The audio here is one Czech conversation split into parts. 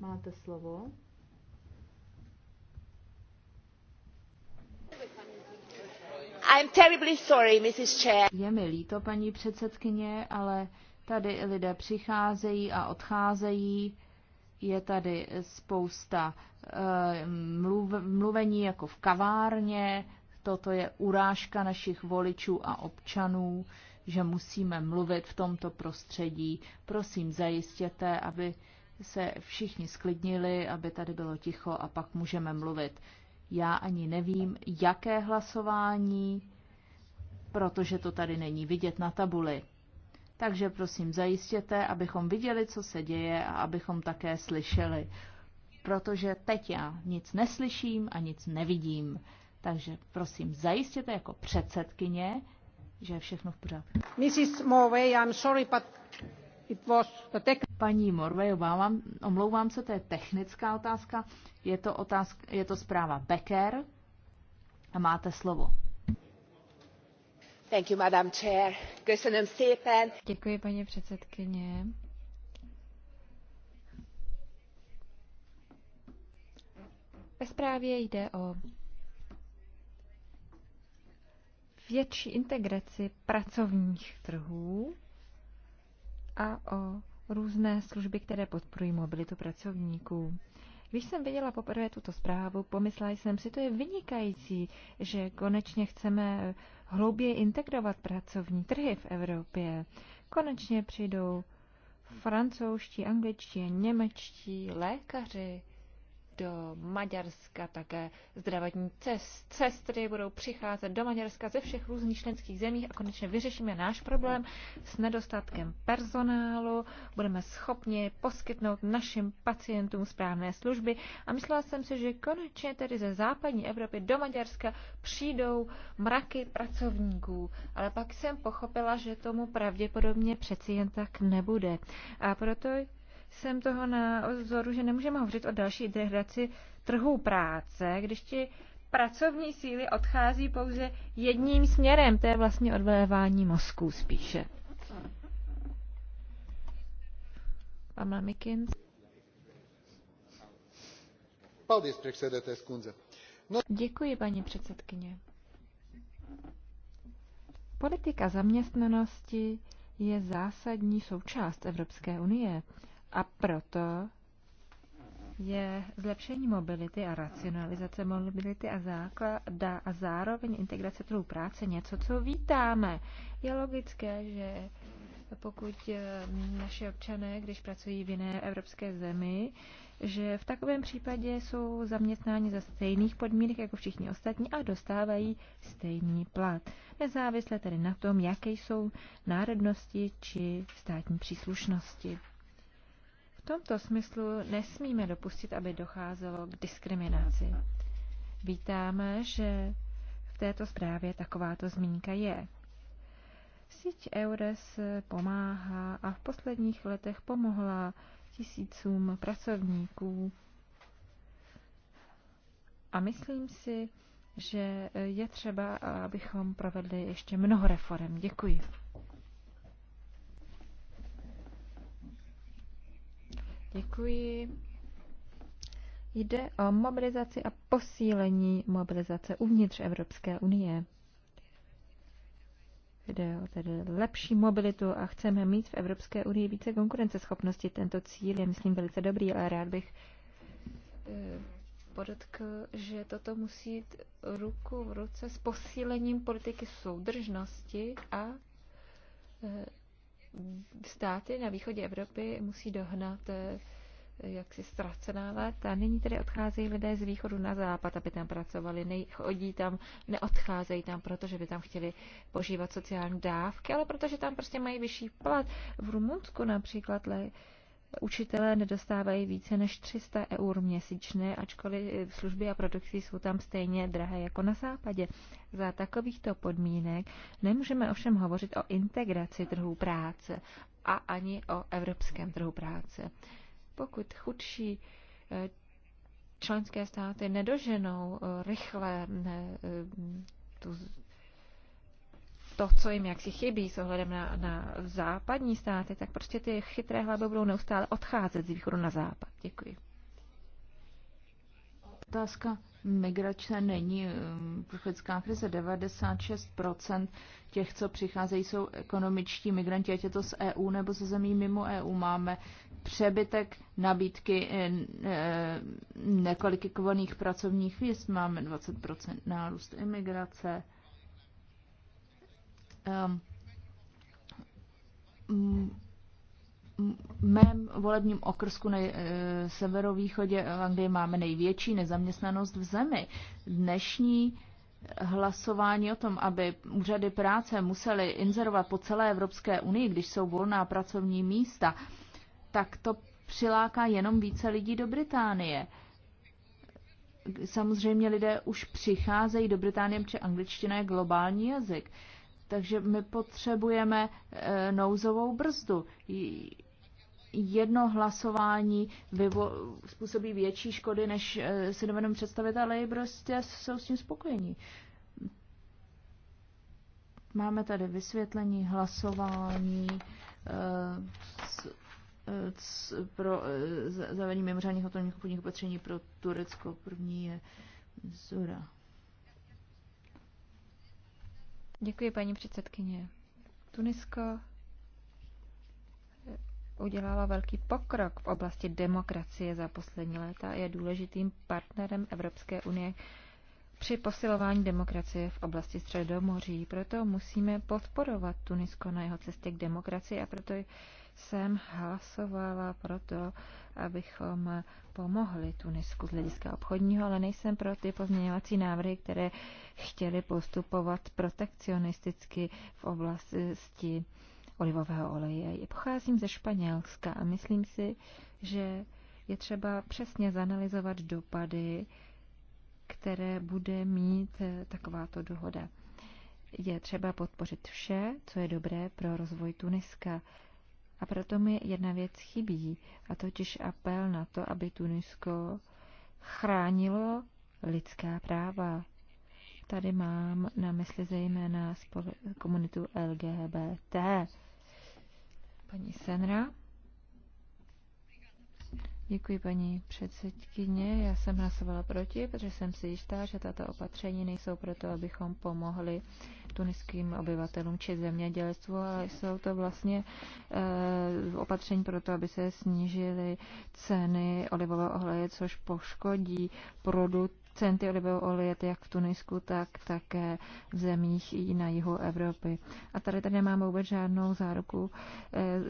Máte slovo. I'm terribly sorry, Mrs. Chair. Je mi líto, paní předsedkyně, ale tady lidé přicházejí a odcházejí. Je tady spousta uh, mluv, mluvení jako v kavárně. Toto je urážka našich voličů a občanů, že musíme mluvit v tomto prostředí. Prosím, zajistěte, aby uh, se všichni sklidnili, aby tady bylo ticho a pak můžeme mluvit. Já ani nevím, jaké hlasování, protože to tady není vidět na tabuli. Takže prosím, zajistěte, abychom viděli, co se děje a abychom také slyšeli. Protože teď já nic neslyším a nic nevidím. Takže prosím, zajistěte jako předsedkyně, že je všechno v pořádku. Mrs. Morway, I'm sorry, but Paní Morvejová, vám, omlouvám se, to je technická otázka. Je to, otázka, je to zpráva Becker a máte slovo. Thank you, Madam Chair. Děkuji, paní předsedkyně. Ve zprávě jde o větší integraci pracovních trhů a o různé služby, které podporují mobilitu pracovníků. Když jsem viděla poprvé tuto zprávu, pomyslela jsem si, to je vynikající, že konečně chceme hlouběji integrovat pracovní trhy v Evropě. Konečně přijdou francouzští, angličtí a němečtí lékaři, do Maďarska také zdravotní cest. cestry, budou přicházet do Maďarska ze všech různých členských zemí a konečně vyřešíme náš problém s nedostatkem personálu. Budeme schopni poskytnout našim pacientům správné služby a myslela jsem si, že konečně tedy ze západní Evropy do Maďarska přijdou mraky pracovníků, ale pak jsem pochopila, že tomu pravděpodobně přeci jen tak nebude. A proto jsem toho na vzoru, že nemůžeme hovořit o další degradaci trhu práce, když ti pracovní síly odchází pouze jedním směrem, to je vlastně odvlévání mozků spíše. Pamela Mikins. No- Děkuji, paní předsedkyně. Politika zaměstnanosti je zásadní součást Evropské unie. A proto je zlepšení mobility a racionalizace mobility a základa a zároveň integrace trhu práce něco, co vítáme. Je logické, že pokud eh, naše občané, když pracují v jiné evropské zemi, že v takovém případě jsou zaměstnáni za stejných podmínek jako všichni ostatní a dostávají stejný plat. Nezávisle tedy na tom, jaké jsou národnosti či státní příslušnosti tomto smyslu nesmíme dopustit, aby docházelo k diskriminaci. Vítáme, že v této zprávě takováto zmínka je. Síť EURES pomáhá a v posledních letech pomohla tisícům pracovníků. A myslím si, že je třeba, abychom provedli ještě mnoho reform. Děkuji. Děkuji. Jde o mobilizaci a posílení mobilizace uvnitř Evropské unie. Jde o tedy lepší mobilitu a chceme mít v Evropské unii více konkurenceschopnosti. Tento cíl je, myslím, velice dobrý, ale rád bych eh, podotkl, že toto musí jít ruku v ruce s posílením politiky soudržnosti a eh, státy na východě Evropy musí dohnat eh, jaksi ztracená léta. Nyní tedy odcházejí lidé z východu na západ, aby tam pracovali, nechodí tam, neodcházejí tam, protože by tam chtěli požívat sociální dávky, ale protože tam prostě mají vyšší plat. V Rumunsku například Učitelé nedostávají více než 300 eur měsíčně, ačkoliv služby a produkty jsou tam stejně drahé jako na západě. Za takovýchto podmínek nemůžeme ovšem hovořit o integraci trhu práce a ani o evropském trhu práce. Pokud chudší eh, členské státy nedoženou eh, rychle eh, tu to, co jim jaksi chybí s ohledem na, na západní státy, tak prostě ty chytré hlavy budou neustále odcházet z východu na západ. Děkuji. Otázka migrace není um, krize. 96% těch, co přicházejí, jsou ekonomičtí migranti, ať je to z EU nebo ze zemí mimo EU. Máme přebytek nabídky eh, eh, nekvalifikovaných pracovních míst, máme 20% nárůst imigrace. Um, mém volebním okrsku na eh, severovýchodě Anglie máme největší nezaměstnanost v zemi. Dnešní hlasování o tom, aby úřady práce musely inzerovat po celé Evropské unii, když jsou volná pracovní místa, tak to přiláká jenom více lidí do Británie. Samozřejmě lidé už přicházejí do Británie, protože angličtina je globální jazyk. Uh, takže my potřebujeme eh, nouzovou brzdu. Jedno hlasování vyvo- způsobí větší škody, než eh, si dovedeme představit, ale i prostě jsou s tím spokojení. Máme tady vysvětlení hlasování eh, pro zavedení mimořádných autonomních podniků opatření pro Turecko. První je Zura. Děkuji, paní předsedkyně. Tunisko eh, udělala velký pokrok v oblasti demokracie za poslední léta a je důležitým partnerem Evropské unie při posilování demokracie v oblasti Středomoří. Proto musíme podporovat Tunisko na jeho cestě k demokracii a proto jsem hlasovala pro to, abychom pomohli Tunisku z hlediska obchodního, ale nejsem pro ty pozměňovací návrhy, které chtěly postupovat protekcionisticky v oblasti olivového oleje. Pocházím ze Španělska a myslím si, že je třeba přesně zanalizovat dopady, které bude mít takováto dohoda. Je třeba podpořit vše, co je dobré pro rozvoj Tuniska. A proto mi jedna věc chybí, a totiž apel na to, aby Tunisko chránilo lidská práva. Tady mám na mysli zejména komunitu LGBT. Paní Senra. Děkuji, paní předsedkyně. Já jsem hlasovala proti, protože jsem si jistá, že tato opatření nejsou proto, abychom pomohli tuniským obyvatelům či zemědělstvu, ale jsou to vlastně e, opatření proto, aby se snížily ceny olivového oleje, což poškodí produkt centy olivového oleje, jak v Tunisku, tak také v zemích i na jihu Evropy. A tady tady nemáme vůbec žádnou záruku,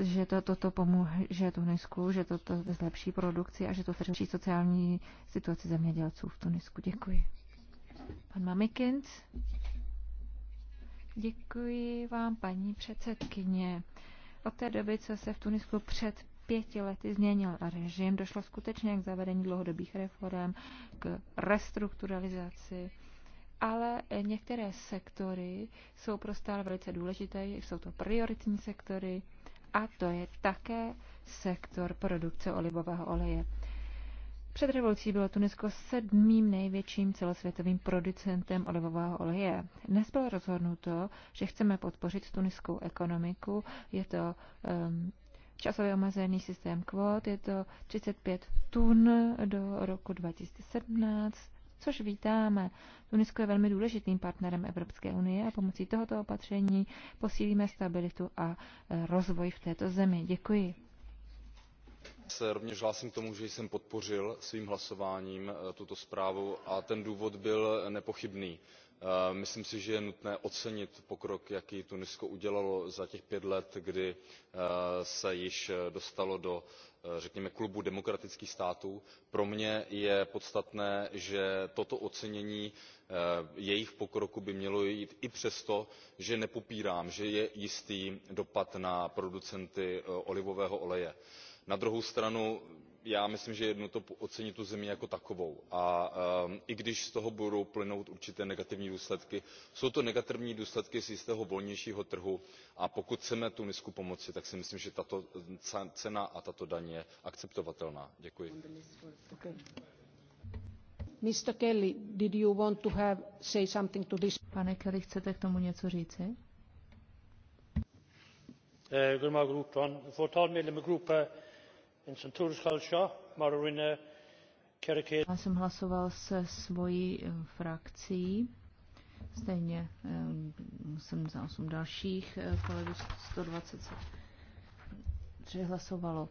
eh, že to, toto pomůže Tunisku, že toto zlepší produkci a že to zlepší sociální situaci zemědělců v Tunisku. Děkuji. Pan Mamikins. Děkuji vám, paní předsedkyně. Od té doby, co se v Tunisku před pěti lety změnil režim, došlo skutečně k zavedení dlouhodobých reform, k restrukturalizaci, ale některé sektory jsou pro stále velice důležité, jsou to prioritní sektory a to je také sektor produkce olivového oleje. Před revolucí bylo Tunisko sedmým největším celosvětovým producentem olivového oleje. Dnes bylo rozhodnuto, že chceme podpořit tuniskou ekonomiku. Je to um, časově omezený systém kvót. Je to 35 tun do roku 2017, což vítáme. Tunisko je velmi důležitým partnerem Evropské unie a pomocí tohoto opatření posílíme stabilitu a e, rozvoj v této zemi. Děkuji se rovněž hlásím k tomu že jsem podpořil svým hlasováním e, tuto zprávu a ten důvod byl e, nepochybný myslím si že je nutné ocenit pokrok jaký tunisko udělalo za těch pět let kdy e, se již dostalo do e, řekněme klubu demokratických států. pro mě je podstatné že toto ocenění e, jejich pokroku by mělo jít i přesto že nepopírám že je jistý dopad na producenty olivového oleje. na druhou stranu já myslím že je nutno ocenit tu zemi jako takovou a ehm, i když z toho budou plynout určité negativní důsledky jsou to negativní důsledky z jistého volnějšího trhu a pokud chceme tunisku pomoci tak si myslím že tato ehm, cena a tato daň je akceptovatelná. děkuji. Kelly, pane kelly chcete k tomu něco říci? Eh, já jsem hlasoval se svojí eh, frakcí, stejně eh, jsem za osm dalších eh, kolegů 123 hlasovalo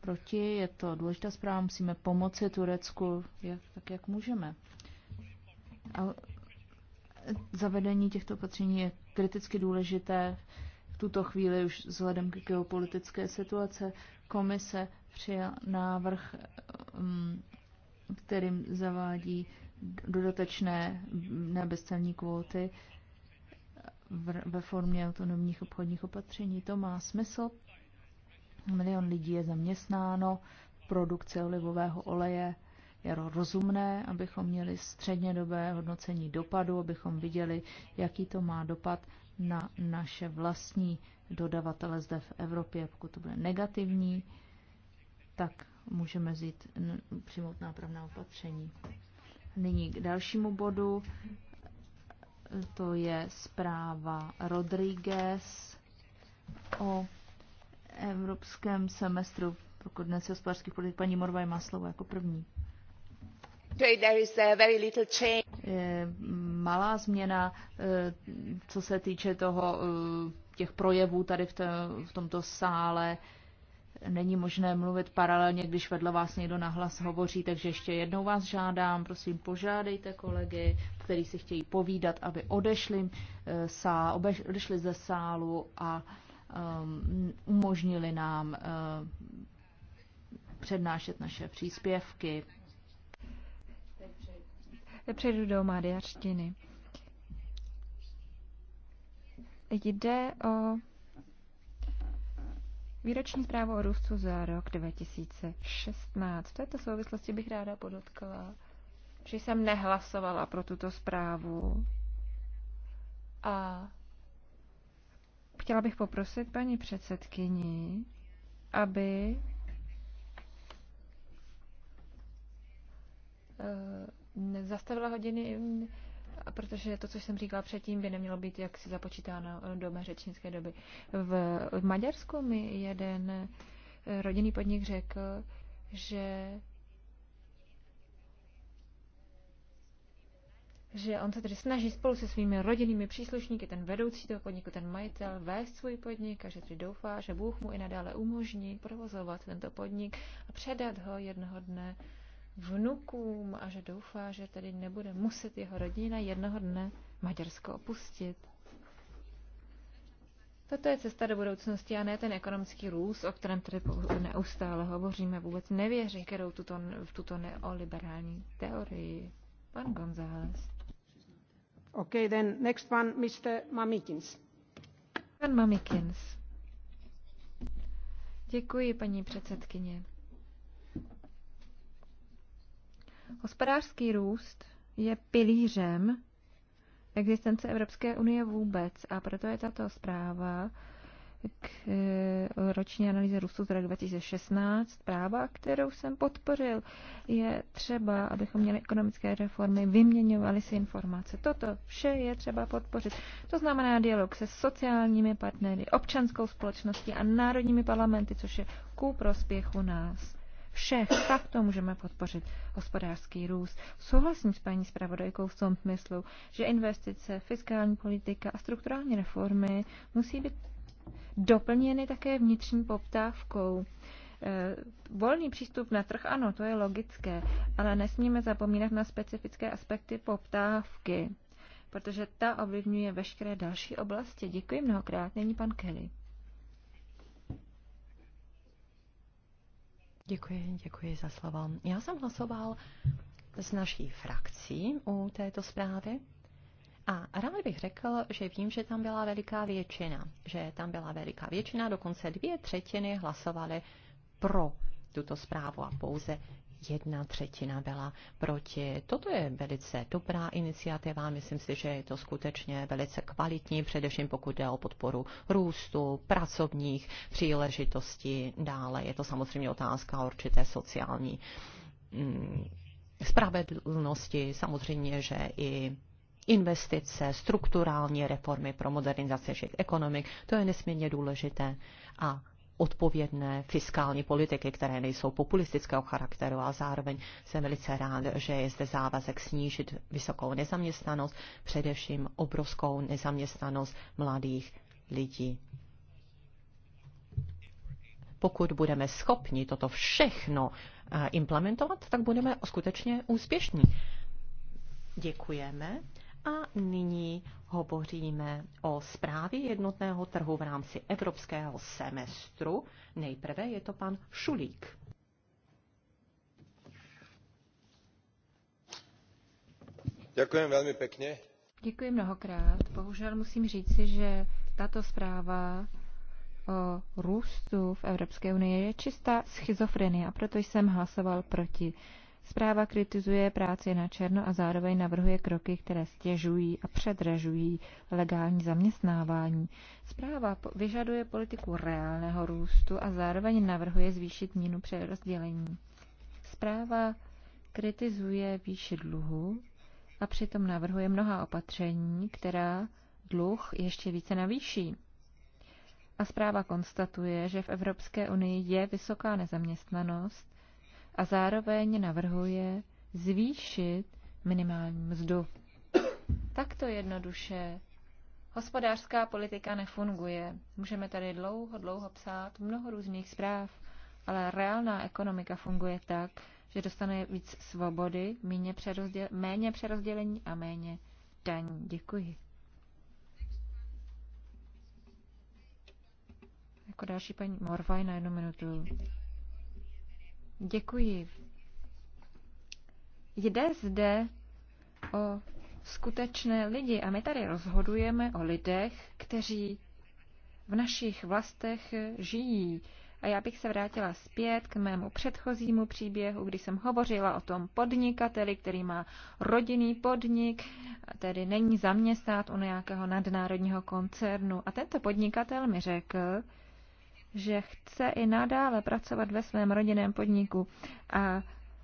proti. Je to důležitá zpráva, musíme pomoci Turecku jak, tak, jak můžeme. A zavedení těchto opatření je kriticky důležité tuto chvíli už vzhledem k geopolitické situace komise přijal návrh, mm, kterým zavádí dodatečné nebezcelní kvóty ve formě autonomních obchodních opatření. To má smysl. Milion lidí je zaměstnáno v produkci olivového oleje. Je rozumné, abychom měli střednědobé hodnocení dopadu, abychom viděli, jaký to má dopad na naše vlastní dodavatele zde v Evropě. Pokud to bude negativní, tak můžeme vzít, přijmout nápravná opatření. Nyní k dalšímu bodu. To je zpráva Rodriguez o evropském semestru pro koordinaci hospodářských politik. Paní Morvaj má slovo jako první. Uh, Je malá změna, eh, co se týče toho, eh, těch projevů tady v, v tomto sále. Není možné mluvit paralelně, když vedle vás někdo nahlas hovoří, takže ještě jednou vás žádám, prosím, požádejte kolegy, kteří si chtějí povídat, aby odešli, eh, sá, odešli ze sálu a um, umožnili nám um, přednášet naše příspěvky. Přejdu do maďarštiny. Jde o výroční zprávu o růstu za rok 2016. V této souvislosti bych ráda podotkla, že jsem nehlasovala pro tuto zprávu. A chtěla bych poprosit paní předsedkyni, aby eh, zastavila hodiny, protože to, co jsem říkala předtím, by nemělo být jaksi započítáno do mé řečnické doby. V, v Maďarsku mi jeden rodinný podnik řekl, že že on se tedy snaží spolu se svými rodinnými příslušníky, ten vedoucí toho podniku, ten majitel, vést svůj podnik a že tedy doufá, že Bůh mu i nadále umožní provozovat tento podnik a předat ho jednoho dne uh, vnukům a že doufá, že tedy nebude muset jeho rodina jednoho dne Maďarsko opustit. Toto je cesta do budoucnosti a ne ten ekonomický růst, o kterém tady neustále hovoříme. Vůbec nevěří, kterou tuto, v tuto neoliberální teorii. Pan González. OK, then next one, Mr. Mamikins. Pan Mamikins. Děkuji, paní předsedkyně. Hospodářský růst je pilířem existence Evropské unie vůbec a proto je tato zpráva k e, roční analýze růstu z roku 2016 zpráva, kterou jsem podpořil. Je třeba, abychom měli ekonomické reformy, vyměňovali si informace. Toto vše je třeba podpořit. To znamená dialog se sociálními partnery, občanskou společností a národními parlamenty, což je ku prospěchu nás všech. Takto můžeme podpořit hospodářský růst. Souhlasím s paní zpravodajkou v tom smyslu, že investice, fiskální politika a strukturální reformy musí být doplněny také vnitřní poptávkou. Eh, volný přístup na trh, ano, to je logické, ale nesmíme zapomínat na specifické aspekty poptávky, protože ta ovlivňuje veškeré další oblasti. Děkuji mnohokrát. Není pan Kelly. Děkuji, děkuji za slovo. Já jsem hlasoval s naší frakcí u této zprávy a rád bych řekl, že vím, že tam byla veliká většina. Že tam byla veliká většina, dokonce dvě třetiny hlasovaly pro tuto zprávu a pouze jedna třetina byla proti. Toto je velice dobrá iniciativa, myslím si, že je to skutečně velice kvalitní, především pokud jde o podporu růstu, pracovních příležitostí. Dále je to samozřejmě otázka určité sociální mm, spravedlnosti, samozřejmě, že i investice, strukturální reformy pro modernizaci všech ekonomik, to je nesmírně důležité. A odpovědné fiskální politiky, které nejsou populistického charakteru a zároveň jsem velice rád, že je zde závazek snížit vysokou nezaměstnanost, především obrovskou nezaměstnanost mladých lidí. Pokud budeme schopni toto všechno eh, implementovat, tak budeme skutečně úspěšní. Děkujeme. A nyní hovoříme o zprávě jednotného trhu v rámci evropského semestru. Nejprve je to pan Šulík. Děkuji velmi pěkně. Děkuji mnohokrát. Bohužel musím říci, že tato zpráva o růstu v Evropské unii je čistá schizofrenie a proto jsem hlasoval proti. Zpráva kritizuje práci na černo a zároveň navrhuje kroky, které stěžují a předražují legální zaměstnávání. Zpráva vyžaduje politiku reálného růstu a zároveň navrhuje zvýšit mínu přerozdělení. Zpráva kritizuje výši dluhu a přitom navrhuje mnoha opatření, která dluh ještě více navýší. A zpráva konstatuje, že v Evropské unii je vysoká nezaměstnanost a zároveň navrhuje zvýšit minimální mzdu. Takto jednoduše hospodářská politika nefunguje. Můžeme tady dlouho, dlouho psát mnoho různých zpráv, ale reálná ekonomika funguje tak, že dostane víc svobody, méně, přerozděl, méně přerozdělení a méně daní. Děkuji. Jako další paní Morvaj na jednu minutu. Děkuji. Jde zde o skutečné lidi a my tady rozhodujeme o lidech, kteří v našich vlastech žijí. A já bych se vrátila zpět k mému předchozímu příběhu, kdy jsem hovořila o tom podnikateli, který má rodinný podnik, tedy není zaměstnat u nějakého nadnárodního koncernu. A tento podnikatel mi řekl, že chce i nadále pracovat ve svém rodinném podniku. A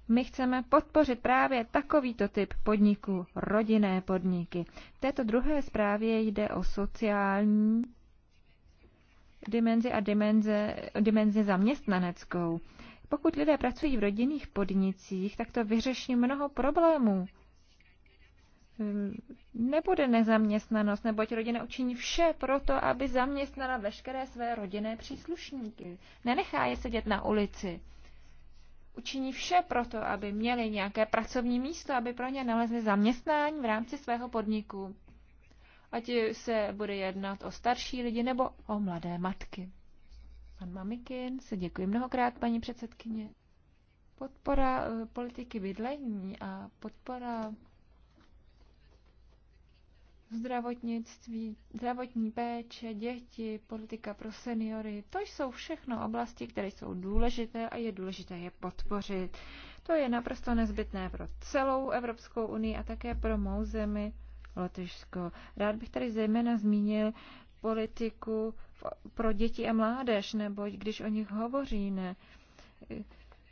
my chceme podpořit právě takovýto typ podniků, rodinné podniky. V této druhé zprávě jde o sociální dimenzi a dimenze, dimenzi zaměstnaneckou. Pokud lidé pracují v rodinných podnicích, tak to vyřeší mnoho problémů nebude nezaměstnanost, neboť rodina učiní vše proto, aby zaměstnala veškeré své rodinné příslušníky. Nenechá je sedět na ulici. Učiní vše proto, aby měli nějaké pracovní místo, aby pro ně nalezli zaměstnání v rámci svého podniku. Ať se bude jednat o starší lidi nebo o mladé matky. Pan Mamikin, se děkuji mnohokrát, paní předsedkyně. Podpora eh, politiky bydlení a podpora zdravotnictví, zdravotní péče, děti, politika pro seniory. To jsou všechno oblasti, které jsou důležité a je důležité je podpořit. To je naprosto nezbytné pro celou Evropskou unii a také pro mou zemi Lotyšsko. Rád bych tady zejména zmínil politiku pro děti a mládež, nebo když o nich hovoříme,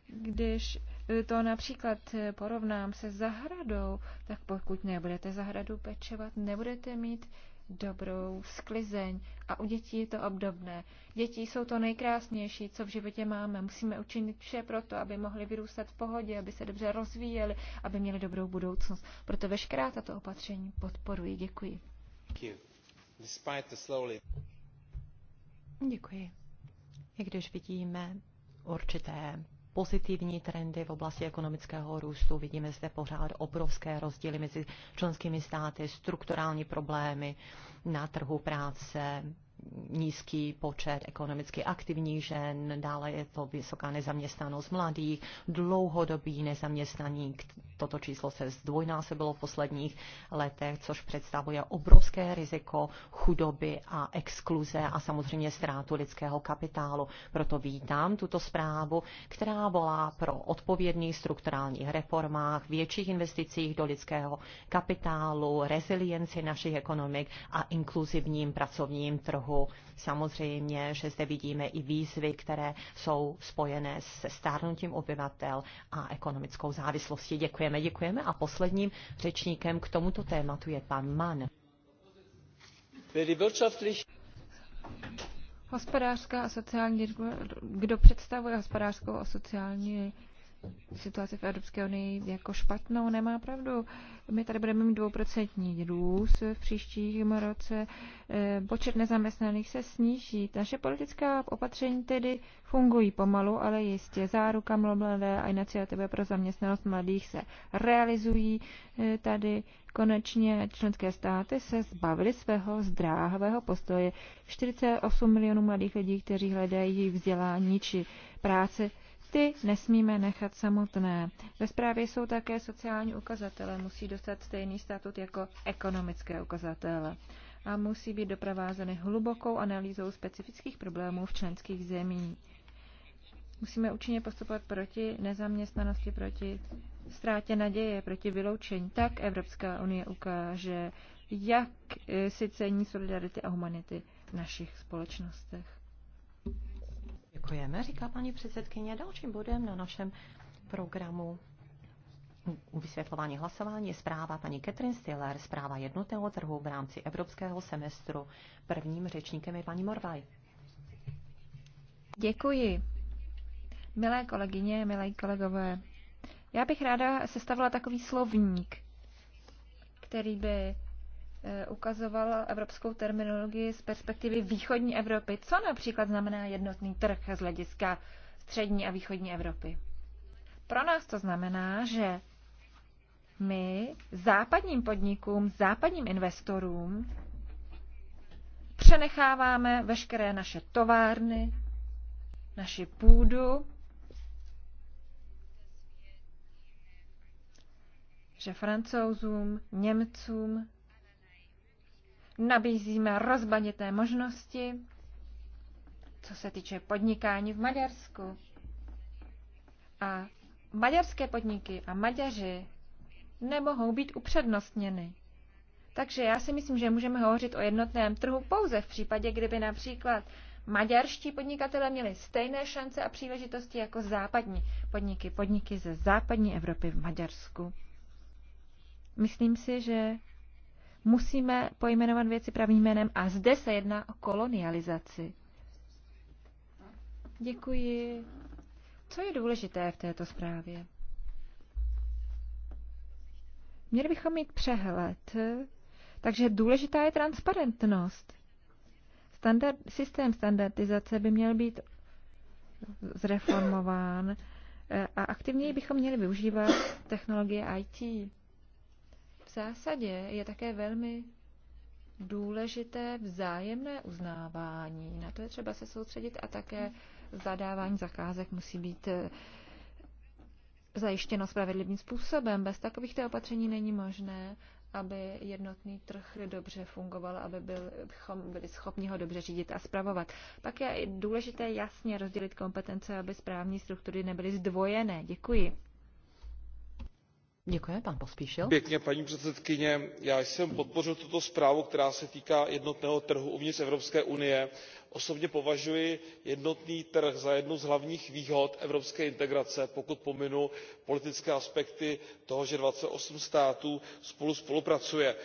když to například e, porovnám se zahradou, tak pokud nebudete zahradu pečovat, nebudete mít dobrou sklizeň. A u dětí je to obdobné. Děti jsou to nejkrásnější, co v životě máme. Musíme učinit vše pro to, aby mohli vyrůstat v pohodě, aby se dobře rozvíjeli, aby měli dobrou budoucnost. Proto veškerá tato opatření podporuji. Děkuji. Děkuji. I když vidíme určité pozitivní trendy v oblasti ekonomického růstu. Vidíme zde pořád obrovské rozdíly mezi členskými státy, strukturální problémy na trhu práce, nízký počet ekonomicky aktivních žen, dále je to vysoká nezaměstnanost mladých, dlouhodobý nezaměstnaní. Toto číslo se zdvojnásobilo v posledních letech, což představuje obrovské riziko chudoby a exkluze a samozřejmě ztrátu lidského kapitálu. Proto vítám tuto zprávu, která volá pro odpovědných strukturálních reformách, větších investicích do lidského kapitálu, rezilienci našich ekonomik a inkluzivním pracovním trhu trhu. Samozřejmě, že zde vidíme i výzvy, které jsou spojené se stárnutím obyvatel a ekonomickou závislostí. Děkujeme, děkujeme. A posledním řečníkem k tomuto tématu je pan Mann. Hospodářská a sociální, kdo představuje hospodářskou a sociální situaci v Evropské unii jako špatnou, nemá pravdu. My tady budeme mít dvouprocentní růst v příštím roce, eh, počet nezaměstnaných se sníží. Naše politická opatření tedy fungují pomalu, ale jistě. Záruka mladé a iniciativy pro zaměstnanost mladých se realizují. Eh, tady konečně členské státy se zbavily svého zdráhavého postoje. 48 milionů mladých lidí, kteří hledají vzdělání či práce ty nesmíme nechat samotné. Ve zprávě jsou také sociální ukazatele, musí dostat stejný statut jako ekonomické ukazatele a musí být doprovázeny hlubokou analýzou specifických problémů v členských zemí. Musíme účinně postupovat proti nezaměstnanosti, proti ztrátě naděje, proti vyloučení. Tak Evropská unie ukáže, jak eh, si cení solidarity a humanity v našich společnostech. Děkujeme, říká paní předsedkyně. Dalším bodem na našem programu u vysvětlování hlasování je zpráva paní Catherine Stiller, zpráva jednotného trhu v rámci evropského semestru. Prvním řečníkem je paní Morvaj. Děkuji. Milé kolegyně, milé kolegové, já bych ráda sestavila takový slovník, který by Eh, ukazovala evropskou terminologii z perspektivy východní Evropy. Co například znamená jednotný trh z hlediska střední a východní Evropy? Pro nás to znamená, že my západním podnikům, západním investorům přenecháváme veškeré naše továrny, naši půdu, že francouzům, Němcům, nabízíme rozmanité možnosti, co se týče podnikání v Maďarsku. A maďarské podniky a Maďaři nemohou být upřednostněny. Takže já si myslím, že můžeme hovořit o jednotném trhu pouze v případě, kdyby například maďarští podnikatelé měli stejné šance a příležitosti jako západní podniky, podniky ze západní Evropy v Maďarsku. Myslím si, že musíme pojmenovat věci pravým jménem a zde se jedná o kolonializaci. Děkuji. Co je důležité v této zprávě? Měli bychom mít přehled, takže důležitá je transparentnost. Standard, systém standardizace by měl být zreformován eh, a aktivněji bychom měli využívat technologie IT zásadě je také velmi důležité vzájemné uznávání. Na to je třeba se soustředit a také zadávání zakázek musí být eh, zajištěno spravedlivým způsobem. Bez takovýchto opatření není možné, aby jednotný trh dobře fungoval, aby byl, bychom byli schopni ho dobře řídit a spravovat. Pak je důležité jasně rozdělit kompetence, aby správní struktury nebyly zdvojené. Děkuji. Děkuji, Pospíšil. paní předsedající Já jsem podpořil tuto zprávu, která se týká jednotného trhu uvnitř Evropské unie osobně považuji jednotný trh za jednu z hlavních výhod evropské integrace pokud pominu politické aspekty toho že twenty eight států spolu spolupracuje. E,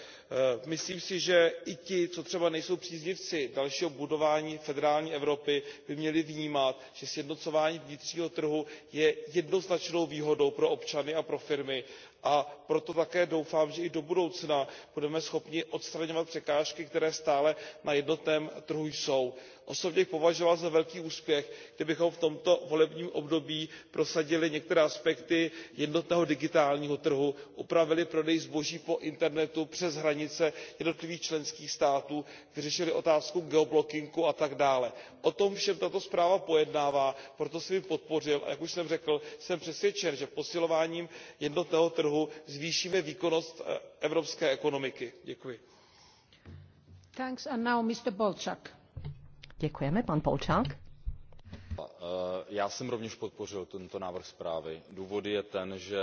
myslím si že i ti co třeba nejsou příznivci dalšího budování federální evropy by měli vnímat že sjednocování vnitřního trhu je jednoznačnou výhodou pro občany a pro firmy a proto také doufám že i do budoucna budeme schopni odstraňovat překážky které stále na jednotném trhu jsou osobně považoval za velký úspěch kdybychom v tomto volebním období prosadili některé aspekty jednotného digitálního trhu upravili prodej zboží po internetu přes hranice jednotlivých členských států vyřešili otázku geoblockingu a tak dále. o tom všem tato zpráva pojednává proto jsem ji podpořil a jak už jsem řekl jsem přesvědčen že posilováním jednotného trhu zvýšíme výkonnost eh, evropské ekonomiky. děkuji. Děkujeme, pan Polčák. E, já jsem rovněž podpořil tento návrh zprávy. Důvod je ten, že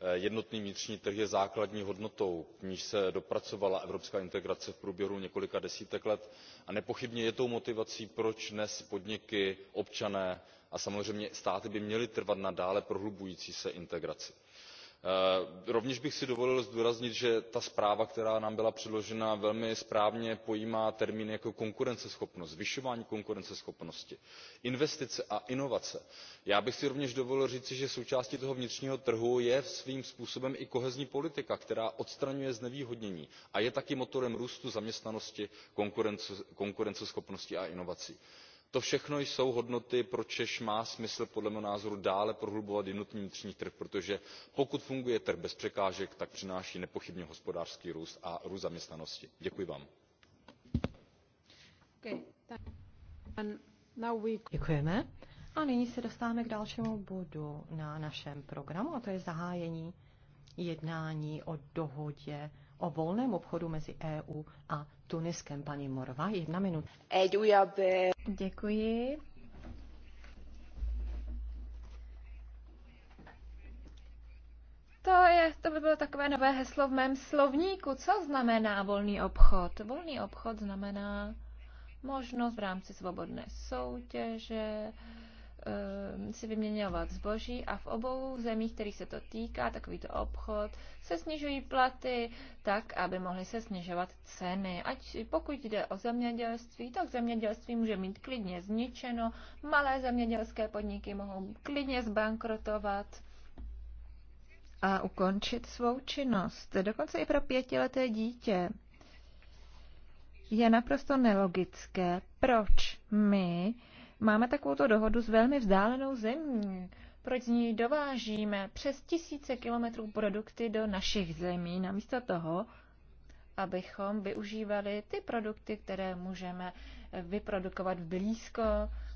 e, jednotný vnitřní trh je základní hodnotou k níž se dopracovala evropská integrace v průběhu několika desítek let a nepochybně je tou motivací proč dnes podniky občané a samozřejmě státy by měli trvat na dále prohlubující se integraci. Eh, rovněž bych si dovolil zdůraznit že ta zpráva která nám byla předložena velmi správně pojímá termíny jako konkurenceschopnost zvyšování konkurenceschopnosti investice a inovace. já bych si rovněž dovolil říci že součástí toho vnitřního trhu je svým způsobem i kohezní politika která odstraňuje znevýhodnění a je taky motorem růstu zaměstnanosti konkurenceschopnosti a inovací to všechno jsou hodnoty pročež má smysl podle mého názoru dále prohlubovat jednotný vnitřní trh protože pokud funguje trh bez překážek tak přináší nepochybně hospodářský růst a růst zaměstnanosti. děkuji vám. Děkujeme. A nyní se dostáváme k dalšímu bodu na našem programu, a to je zahájení jednání o dohodě o volném obchodu mezi EU a Tuniskem. Paní Morva, jedna minuta. Děkuji. To, je, to by bylo takové nové heslo v mém slovníku. Co znamená volný obchod? Volný obchod znamená možnost v rámci svobodné soutěže, Ehm, si vyměňovat zboží a v obou zemích, kterých se to týká, takovýto obchod, se snižují platy tak, aby mohly se snižovat ceny. Ať pokud jde o zemědělství, tak zemědělství může mít klidně zničeno, malé zemědělské podniky mohou klidně zbankrotovat a ukončit svou činnost. Dokonce i pro pětileté dítě je naprosto nelogické, proč my Máme takovou dohodu s velmi vzdálenou zemí. Proč z ní dovážíme přes tisíce kilometrů produkty do našich zemí, namísto toho, abychom využívali ty produkty, které můžeme vyprodukovat blízko,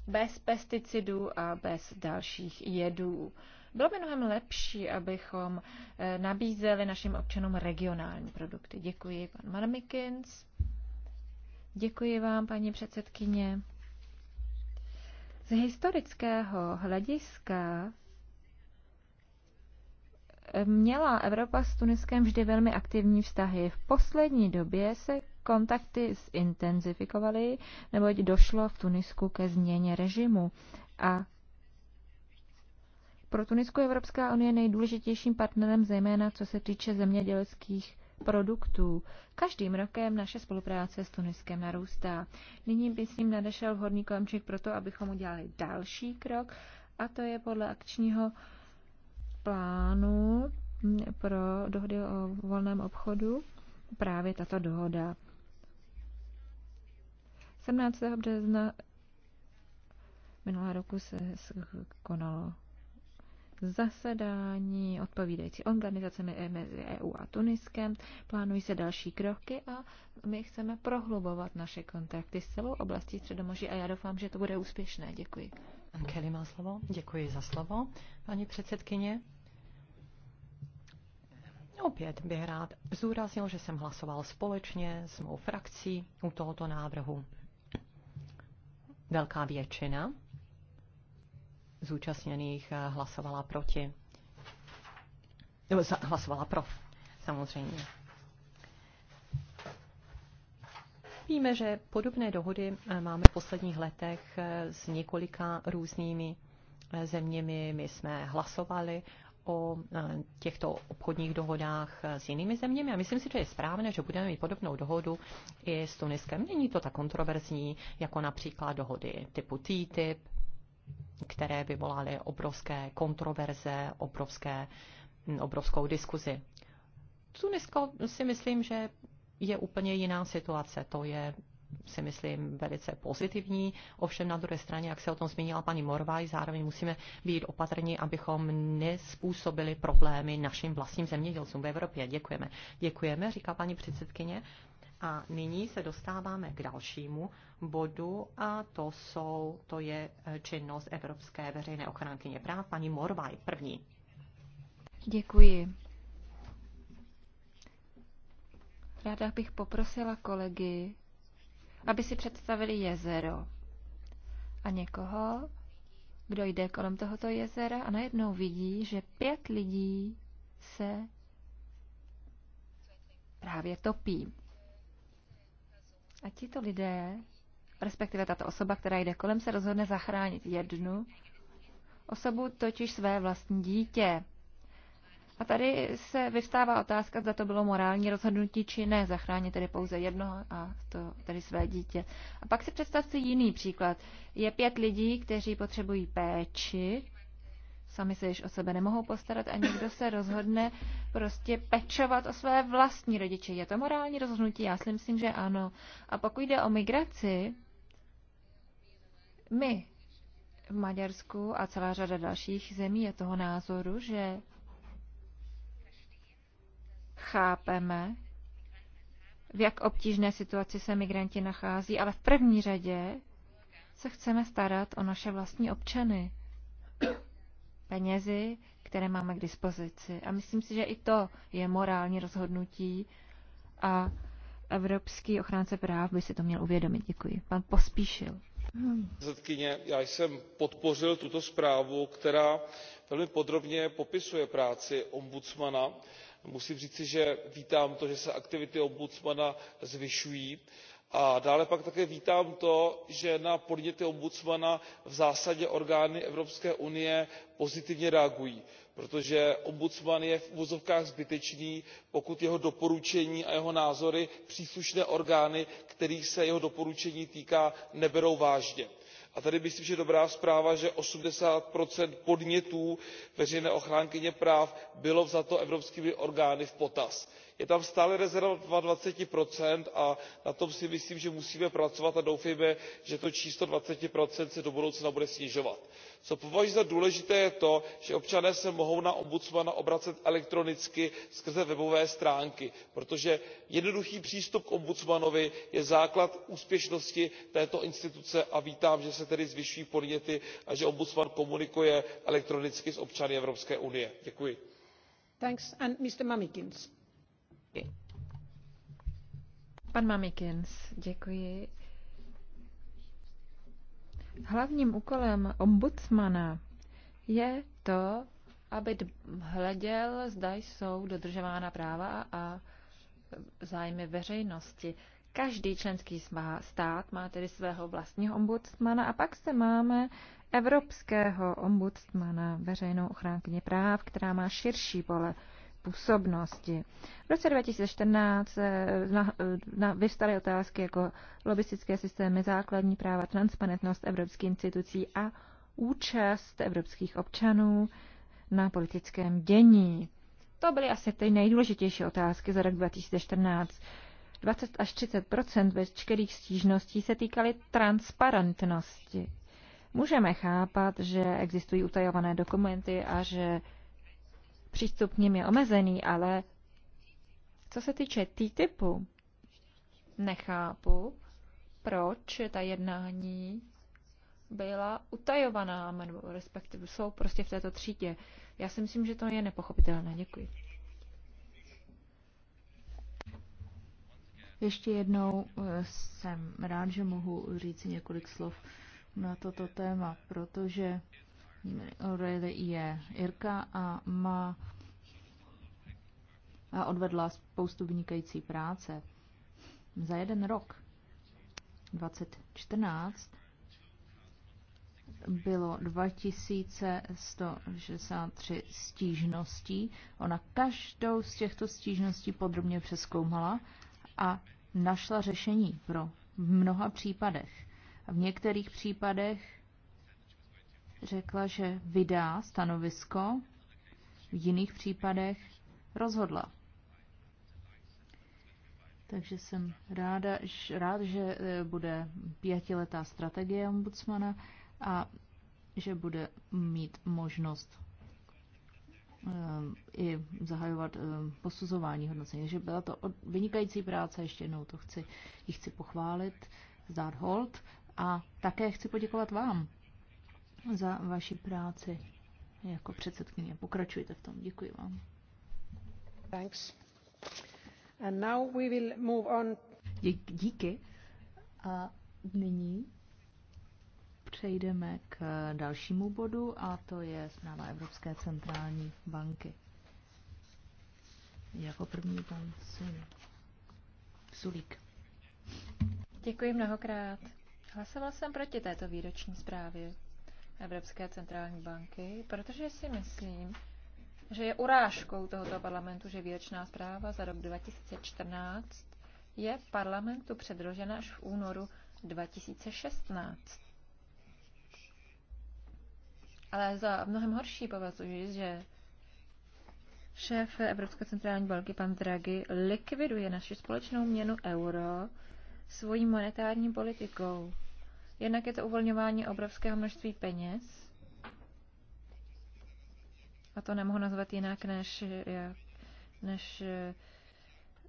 bez pesticidů a bez dalších jedů. Bylo by mnohem lepší, abychom eh, nabízeli našim občanům regionální produkty. Děkuji, pan Marmikins. Děkuji vám, paní předsedkyně. Z historického hlediska měla Evropa s Tuniskem vždy velmi aktivní vztahy. V poslední době se kontakty zintenzifikovaly, neboť došlo v Tunisku ke změně režimu. A pro Tunisko Evropská unie nejdůležitějším partnerem, zejména co se týče zemědělských produktů. Každým rokem naše spolupráce s Tuniskem narůstá. Nyní by s ním nadešel vhodný kolemček proto, abychom udělali další krok, a to je podle akčního plánu pro dohody o volném obchodu právě tato dohoda. 17. března minulého roku se konalo zasedání odpovídající organizacemi mezi EU a Tuniskem. Plánují se další kroky a my chceme prohlubovat naše kontakty s celou oblastí Středomoří a já doufám, že to bude úspěšné. Děkuji. Kelly má slovo. Děkuji za slovo, paní předsedkyně. Opět bych rád zúraznil, že jsem hlasoval společně s mou frakcí u tohoto návrhu. Velká většina zúčastněných eh, hlasovala proti. Nebo hlasovala pro, samozřejmě. Víme, že podobné dohody eh, máme v posledních letech eh, s několika různými zeměmi. My jsme hlasovali o těchto obchodních dohodách s jinými zeměmi a myslím si, že je správné, že budeme mít podobnou dohodu i s Tuniskem. Není to tak kontroverzní, jako například dohody typu TTIP které vyvolaly obrovské kontroverze, obrovské, obrovskou diskuzi. dneska si myslím, že je úplně jiná situace. To je si myslím, velice pozitivní. Ovšem na druhé straně, jak se o tom zmínila paní Morvaj, zároveň musíme být opatrní, abychom nespůsobili problémy našim vlastním zemědělcům v Evropě. Děkujeme. Děkujeme, říká paní předsedkyně. A nyní se dostáváme k dalšímu bodu a to, jsou, to je eh, činnost Evropské veřejné ochránkyně práv. Paní Morvaj, první. Děkuji. Ráda bych poprosila kolegy, aby si představili jezero a někoho, kdo jde kolem tohoto jezera a najednou vidí, že pět lidí se právě topí. A tito lidé, respektive tato osoba, která jde kolem, se rozhodne zachránit jednu osobu, totiž své vlastní dítě. A tady se vyvstává otázka, zda to bylo morální rozhodnutí či ne, zachránit tedy pouze jednoho a to tedy své dítě. A pak si představte jiný příklad. Je pět lidí, kteří potřebují péči sami se již o sebe nemohou postarat a někdo se rozhodne prostě pečovat o své vlastní rodiče. Je to morální rozhodnutí? Já si myslím, že ano. A pokud jde o migraci, my v Maďarsku a celá řada dalších zemí je toho názoru, že chápeme, v jak obtížné situaci se migranti nachází, ale v první řadě se chceme starat o naše vlastní občany penězi, které máme k dispozici. A myslím si, že i to je morální rozhodnutí a Evropský ochránce práv by si to měl uvědomit. Děkuji. Pan Pospíšil. Hmm. Předsedkyně, já jsem podpořil tuto zprávu, která velmi podrobně popisuje práci ombudsmana. Musím říci, že vítám to, že se aktivity ombudsmana zvyšují a dále pak také vítám to že na podněty ombudsmana v zásadě orgány evropské unie pozitivně reagují protože ombudsman je v uvozovkách zbytečný pokud jeho doporučení a jeho názory příslušné orgány kterých se jeho doporučení týká neberou vážně a tady myslím že je dobrá zpráva že eighty podnětů veřejné ochránkyně práv bylo vzato evropskými orgány v potaz. je tam stále rezerva twenty a na tom si myslím že musíme pracovat a doufejme že to číslo twenty se do budoucna bude snižovat co považuji za důležité je to že občané se mohou na ombudsmana obracet elektronicky skrze webové stránky protože jednoduchý přístup k ombudsmanovi je základ úspěšnosti této instituce a vítám že se tedy zvyšují podněty a že ombudsman komunikuje elektronicky s občany evropské unie. děkuji. Pan děkuji. Hlavním úkolem ombudsmana je to, aby hleděl, zda jsou dodržována práva a zájmy veřejnosti. Každý členský stát má tedy svého vlastního ombudsmana a pak se máme evropského ombudsmana, veřejnou ochránkyně práv, která má širší pole působnosti. V roce 2014 eh, na, eh, na, vyvstaly otázky jako lobistické systémy, základní práva, transparentnost evropských institucí a účast evropských občanů na politickém dění. To byly asi ty nejdůležitější otázky za rok 2014. 20 až 30 veškerých stížností se týkaly transparentnosti. Můžeme chápat, že existují utajované dokumenty a že přístup k ním je omezený, ale co se týče T-typu, nechápu, proč ta jednání byla utajovaná, nebo respektive jsou prostě v této třídě. Já si myslím, že to je nepochopitelné. Děkuji. Ještě jednou eh, jsem rád, že mohu říct několik slov na toto téma, protože O'Reilly je Irka a má a odvedla spoustu vynikající práce. Za jeden rok, 2014, bylo 2163 stížností. Ona každou z těchto stížností podrobně přeskoumala a našla řešení pro mnoha případech. V některých případech řekla, že vydá stanovisko, v jiných případech rozhodla. Takže jsem ráda, rád, že e, bude pětiletá strategie ombudsmana a že bude mít možnost e, i zahajovat e, posuzování hodnocení. Takže byla to vynikající práce, ještě jednou to chci, ji chci pochválit, zdát hold a také chci poděkovat vám, za vaši práci jako předsedkyně. Pokračujte v tom. Děkuji vám. Thanks. And now we will move on. Díky. A nyní přejdeme k dalšímu bodu a to je zpráva Evropské centrální banky. Jako první pan Sulík. Děkuji mnohokrát. Hlasoval jsem proti této výroční zprávě. Evropské centrální banky, protože si myslím, že je urážkou tohoto parlamentu, že výročná zpráva za rok 2014 je parlamentu předložena až v únoru 2016. Ale za mnohem horší považuji, že šéf Evropské centrální banky pan Draghi likviduje naši společnou měnu euro svojí monetární politikou. Jednak je to uvolňování obrovského množství peněz. A to nemohu nazvat jinak, než, než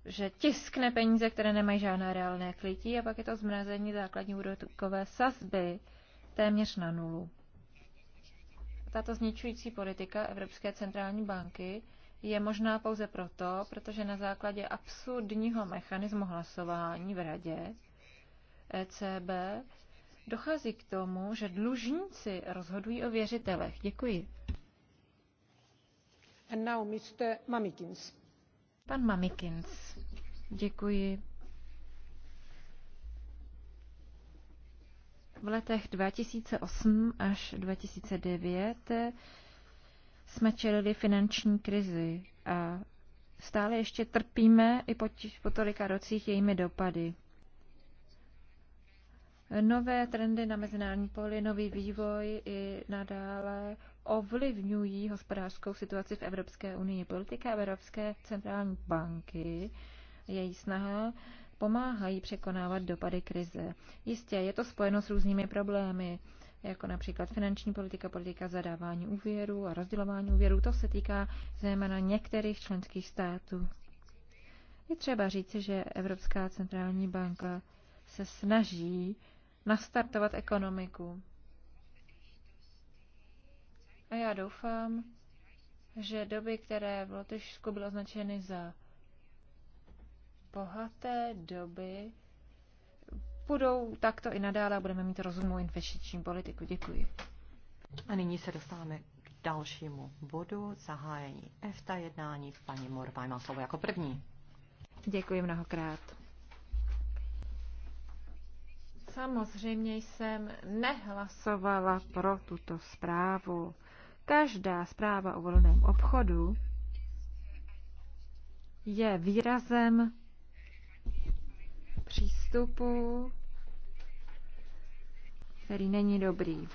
že tiskne peníze, které nemají žádné reálné klití. a pak je to zmrazení základní úrokové sazby téměř na nulu. Tato zničující politika Evropské centrální banky je možná pouze proto, protože na základě absurdního mechanismu hlasování v radě ECB dochází k tomu, že dlužníci rozhodují o věřitelech. Děkuji. And now Mr. Mamikins. Pan Mamikins. Děkuji. V letech 2008 až 2009 jsme čelili finanční krizi a stále ještě trpíme i po, po tolika rocích jejími dopady. Nové trendy na mezinárodní poli, nový vývoj i nadále ovlivňují hospodářskou situaci v Evropské unii. Politika Evropské centrální banky, její snaha pomáhají překonávat dopady krize. Jistě je to spojeno s různými problémy, jako například finanční politika, politika zadávání úvěru a rozdělování úvěru. To se týká zejména některých členských států. Je třeba říci, že Evropská centrální banka se snaží nastartovat ekonomiku. A já doufám, že doby, které v Lotyšsku byly označeny za bohaté doby, budou takto i nadále a budeme mít rozumnou investiční politiku. Děkuji. A nyní se dostáváme k dalšímu bodu zahájení EFTA jednání. Paní Morvaj má slovo jako první. Děkuji mnohokrát. Samozřejmě jsem nehlasovala pro tuto zprávu. Každá zpráva o volném obchodu je výrazem přístupu, který není dobrý.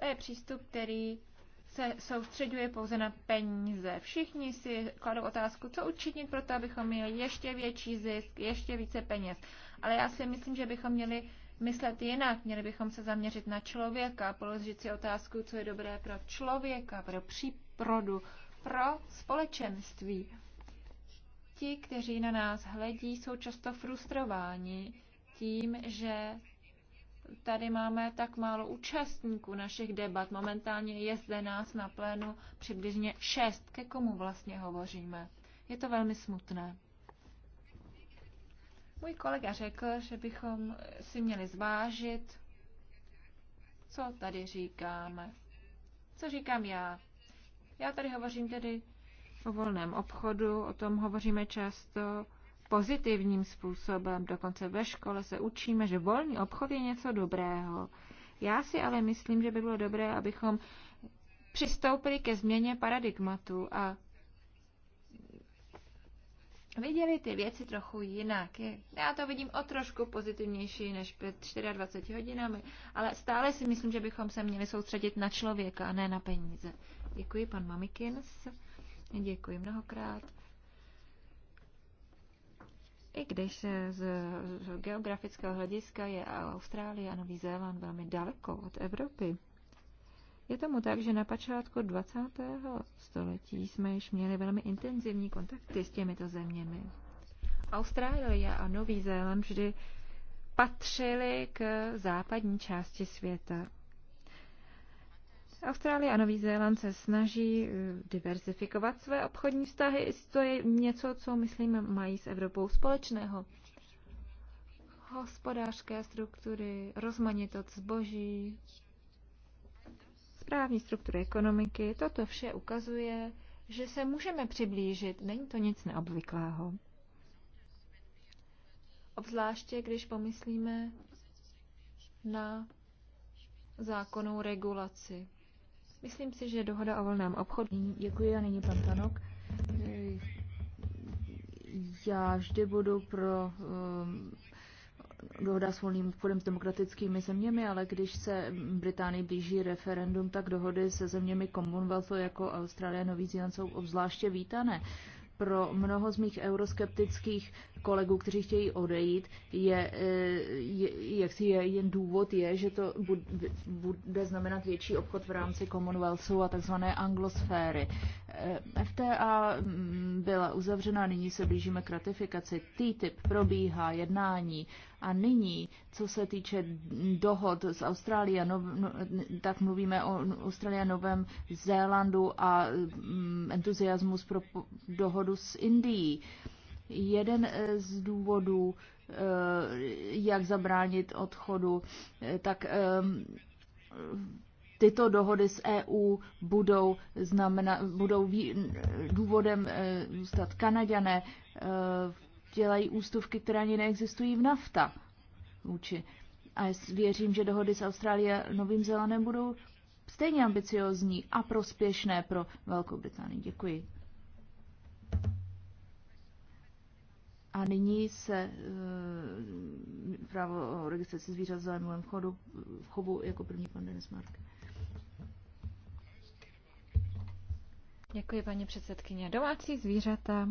To je přístup, který se soustředuje pouze na peníze. Všichni si kladou otázku, co učinit pro to, abychom měli ještě větší zisk, ještě více peněz. Ale já si myslím, že bychom měli myslet jinak. Měli bychom se zaměřit na člověka, položit si otázku, co je dobré pro člověka, pro přírodu, pro společenství. Ti, kteří na nás hledí, jsou často frustrováni tím, že tady máme tak málo účastníků našich debat. Momentálně je zde nás na plénu přibližně šest. Ke komu vlastně hovoříme? Je to velmi smutné. Můj kolega řekl, že bychom si měli zvážit, co tady říkáme. Co říkám já? Já tady hovořím tedy o volném obchodu, o tom hovoříme často, pozitivním způsobem. Dokonce ve škole se učíme, že volný obchod je něco dobrého. Já si ale myslím, že by bylo dobré, abychom přistoupili ke změně paradigmatu a viděli ty věci trochu jinak. Já to vidím o trošku pozitivnější než před 24 hodinami, ale stále si myslím, že bychom se měli soustředit na člověka a ne na peníze. Děkuji, pan Mamikins. Děkuji mnohokrát i když z, z geografického hlediska je Austrálie a Nový Zéland velmi daleko od Evropy. Je tomu tak, že na počátku 20. století jsme již měli velmi intenzivní kontakty s těmito zeměmi. Austrálie a Nový Zéland vždy patřili k západní části světa. Austrálie a Nový Zéland se snaží eh, diversifikovat své obchodní vztahy. To je něco, co, myslím, mají s Evropou společného. Hospodářské struktury, rozmanitost zboží, správní struktury ekonomiky, toto vše ukazuje, že se můžeme přiblížit. Není to nic neobvyklého. Obzvláště, když pomyslíme na zákonnou regulaci. Myslím si, že dohoda o volném obchodu. Děkuji a nyní pan Tanok. Já vždy budu pro um, dohoda s volným obchodem s demokratickými zeměmi, ale když se Británii blíží referendum, tak dohody se zeměmi Commonwealthu jako Austrálie a Nový Zéland jsou obzvláště vítané. Uh, pro mnoho z mých euroskeptických kolegů, kteří chtějí odejít, je, eh, je, jak si je, jen důvod je, že to bude znamenat větší obchod v rámci Commonwealthu a takzvané anglosféry. Eh, FTA mm, byla uzavřena, nyní se blížíme k ratifikaci. TTIP probíhá jednání a nyní, co se týče dohod s Austrálie, no, no, tak mluvíme o Austrálie Novém Zélandu a mm, entuziasmus pro dohodu s Indií. Jeden eh, z důvodů, eh, jak zabránit odchodu, eh, tak ehm, tyto dohody s EU budou, znamena, budou důvodem zůstat Kanaďané v dělají ústupky, které ani neexistují v NAFTA. Vůči. A věřím, že dohody s Austrálií a Novým Zelandem budou stejně ambiciozní a prospěšné pro Velkou Británii. Děkuji. A nyní se uh, právo o registraci zvířat v zájmovém chodu, chovu jako první pan Denis Mark. Děkuji, paní předsedkyně. Domácí zvířata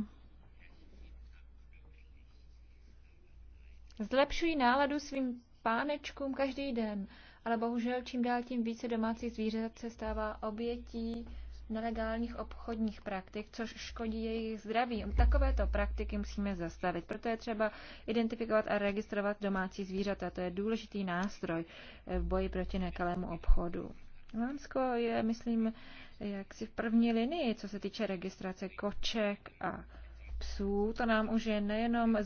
Zlepšují náladu svým pánečkům každý den, ale bohužel čím dál tím více domácích zvířat se stává obětí nelegálních obchodních praktik, což škodí jejich zdraví. Takovéto praktiky musíme zastavit. Proto je třeba identifikovat a registrovat domácí zvířata. To je důležitý nástroj eh, v boji proti nekalému obchodu. Lámsko je, myslím, jaksi v první linii, co se týče registrace koček a psů. To nám už je nejenom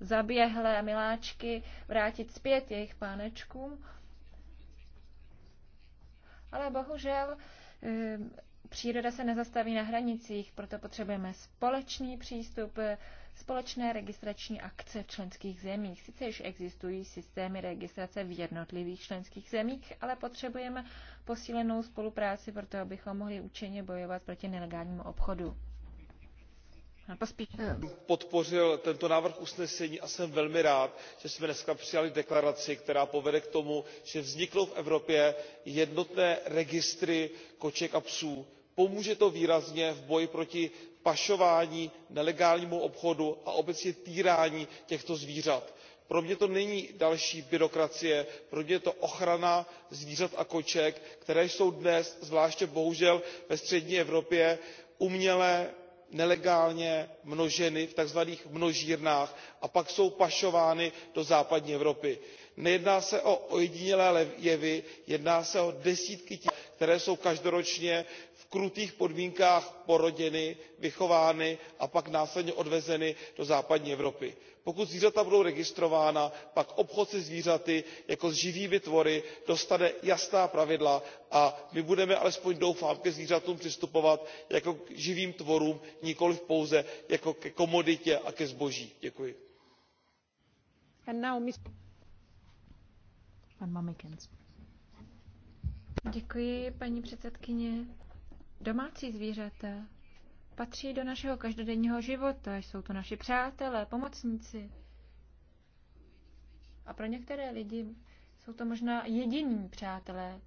zaběhlé miláčky vrátit zpět jejich pánečkům, ale bohužel eh, příroda se nezastaví na hranicích, proto potřebujeme společný přístup, eh, společné registrační akce v členských zemích. Sice již existují systémy registrace v jednotlivých členských zemích, ale potřebujeme posílenou spolupráci, proto abychom mohli účinně bojovat proti nelegálnímu obchodu. Eh. podpořil tento návrh usnesení a jsem velmi rád že jsme dnes přijali deklaraci která povede k tomu že vzniknou v evropě jednotné registry koček a psů. pomůže to výrazně v boji proti pašování nelegálnímu obchodu a obecně týrání těchto zvířat. pro mě to není další byrokracie pro mě je to ochrana zvířat a koček které jsou dnes zvláště bohužel ve střední evropě uměle nelegálně množeny v takzvaných množírnách a pak jsou pašovány do západní evropy. nejedná se o ojedinělé jevy jedná se o desítky tisíc které jsou každoročně v krutých podmínkách poroděny vychovány a pak následně odvezeny do západní evropy. pokud zvířata budou registrována pak obchod se zvířaty jako s živými tvory dostane jasná pravidla a my budeme alespoň doufám ke zvířatům přistupovat jako k živým tvorům nikoliv pouze jako ke komoditě a ke zboží. děkuji. paní Domácí zvířata patří do našeho každodenního života, jsou to naši přátelé, pomocníci. A pro některé lidi jsou to možná jediní přátelé,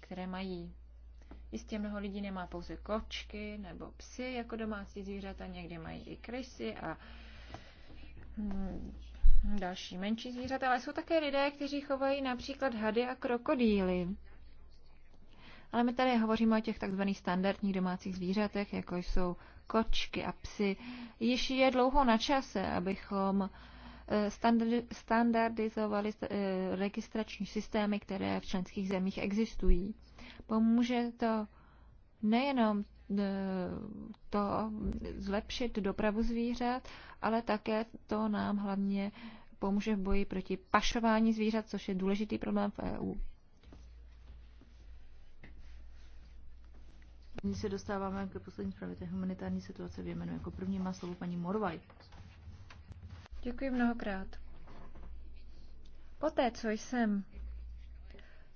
které mají. Jistě mnoho lidí nemá pouze kočky nebo psy jako domácí zvířata, někdy mají i krysy a hmm, další menší zvířata, ale jsou také lidé, kteří chovají například hady a krokodýly. Ale my tady hovoříme o těch takzvaných standardních domácích zvířatech, jako jsou kočky a psy. Již je dlouho na čase, abychom eh, standardizovali eh, registrační systémy, které v členských zemích existují. Pomůže to nejenom eh, to zlepšit dopravu zvířat, ale také to nám hlavně pomůže v boji proti pašování zvířat, což je důležitý problém v EU. Nyní se dostáváme k poslední zprávě té humanitární situace v Jemenu. Jako první má slovo paní Morvaj. Děkuji mnohokrát. Poté, co jsem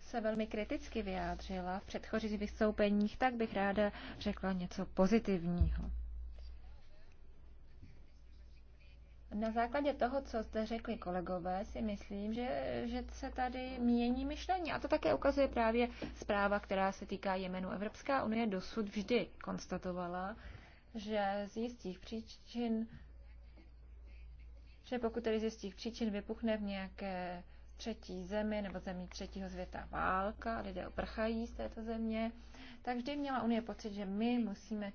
se velmi kriticky vyjádřila v předchozích vystoupeních, tak bych ráda řekla něco pozitivního. Na základě toho, co zde řekli kolegové, si myslím, že, že se tady mění myšlení. A to také ukazuje právě zpráva, která se týká Jemenu. Evropská unie dosud vždy konstatovala, že z jistých příčin, že pokud tedy z jistých příčin vypuchne v nějaké třetí zemi nebo zemí třetího světa válka, lidé oprchají z této země, tak vždy měla Unie pocit, že my musíme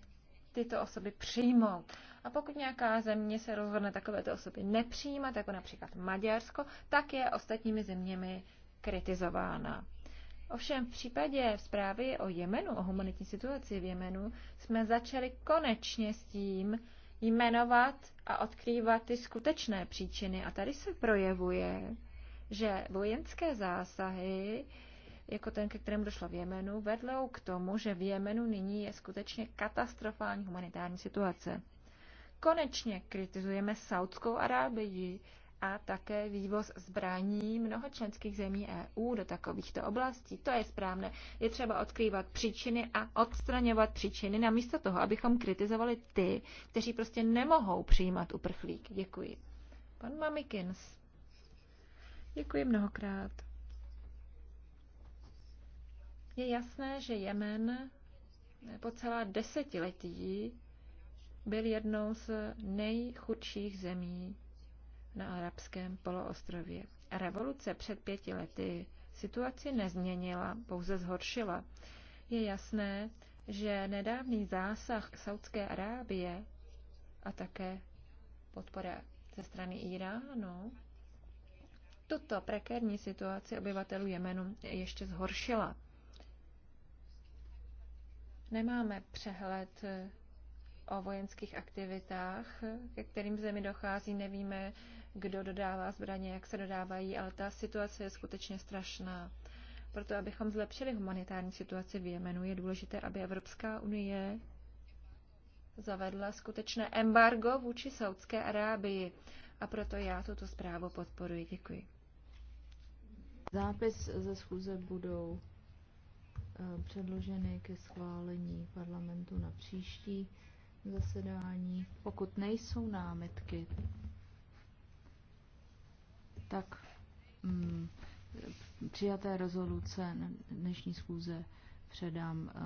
tyto osoby přijmout. A pokud nějaká země se rozhodne takovéto osoby nepřijímat, jako například Maďarsko, tak je ostatními zeměmi kritizována. Ovšem v případě zprávy o Jemenu, o humanitní situaci v Jemenu, jsme začali konečně s tím jmenovat a odkrývat ty skutečné příčiny. A tady se projevuje, že vojenské zásahy jako ten, ke kterému došlo v Jemenu, vedlou k tomu, že v Jemenu nyní je skutečně katastrofální humanitární situace. Konečně kritizujeme Saudskou Arábii a také vývoz zbraní mnoho členských zemí EU do takovýchto oblastí. To je správné. Je třeba odkrývat příčiny a odstraňovat příčiny, namísto toho, abychom kritizovali ty, kteří prostě nemohou přijímat uprchlík. Děkuji. Pan Mamikins. Děkuji mnohokrát. Je jasné, že Jemen po celá desetiletí byl jednou z nejchudších zemí na arabském poloostrově. Revoluce před pěti lety situaci nezměnila, pouze zhoršila. Je jasné, že nedávný zásah Saudské Arábie a také podpora ze strany Iránu tuto prekérní situaci obyvatelů Jemenu ještě zhoršila nemáme přehled eh, o vojenských aktivitách, ke kterým zemi dochází, nevíme, kdo dodává zbraně, jak se dodávají, ale ta situace je skutečně strašná. Proto, abychom zlepšili humanitární situaci v Jemenu, je důležité, aby Evropská unie zavedla skutečné embargo vůči Saudské Arábii. A proto já tuto zprávu podporuji. Děkuji. Zápis ze schůze budou Eh, předloženy ke schválení parlamentu na příští zasedání. Pokud nejsou námitky, tak mm, přijaté rezoluce dnešní schůze předám eh,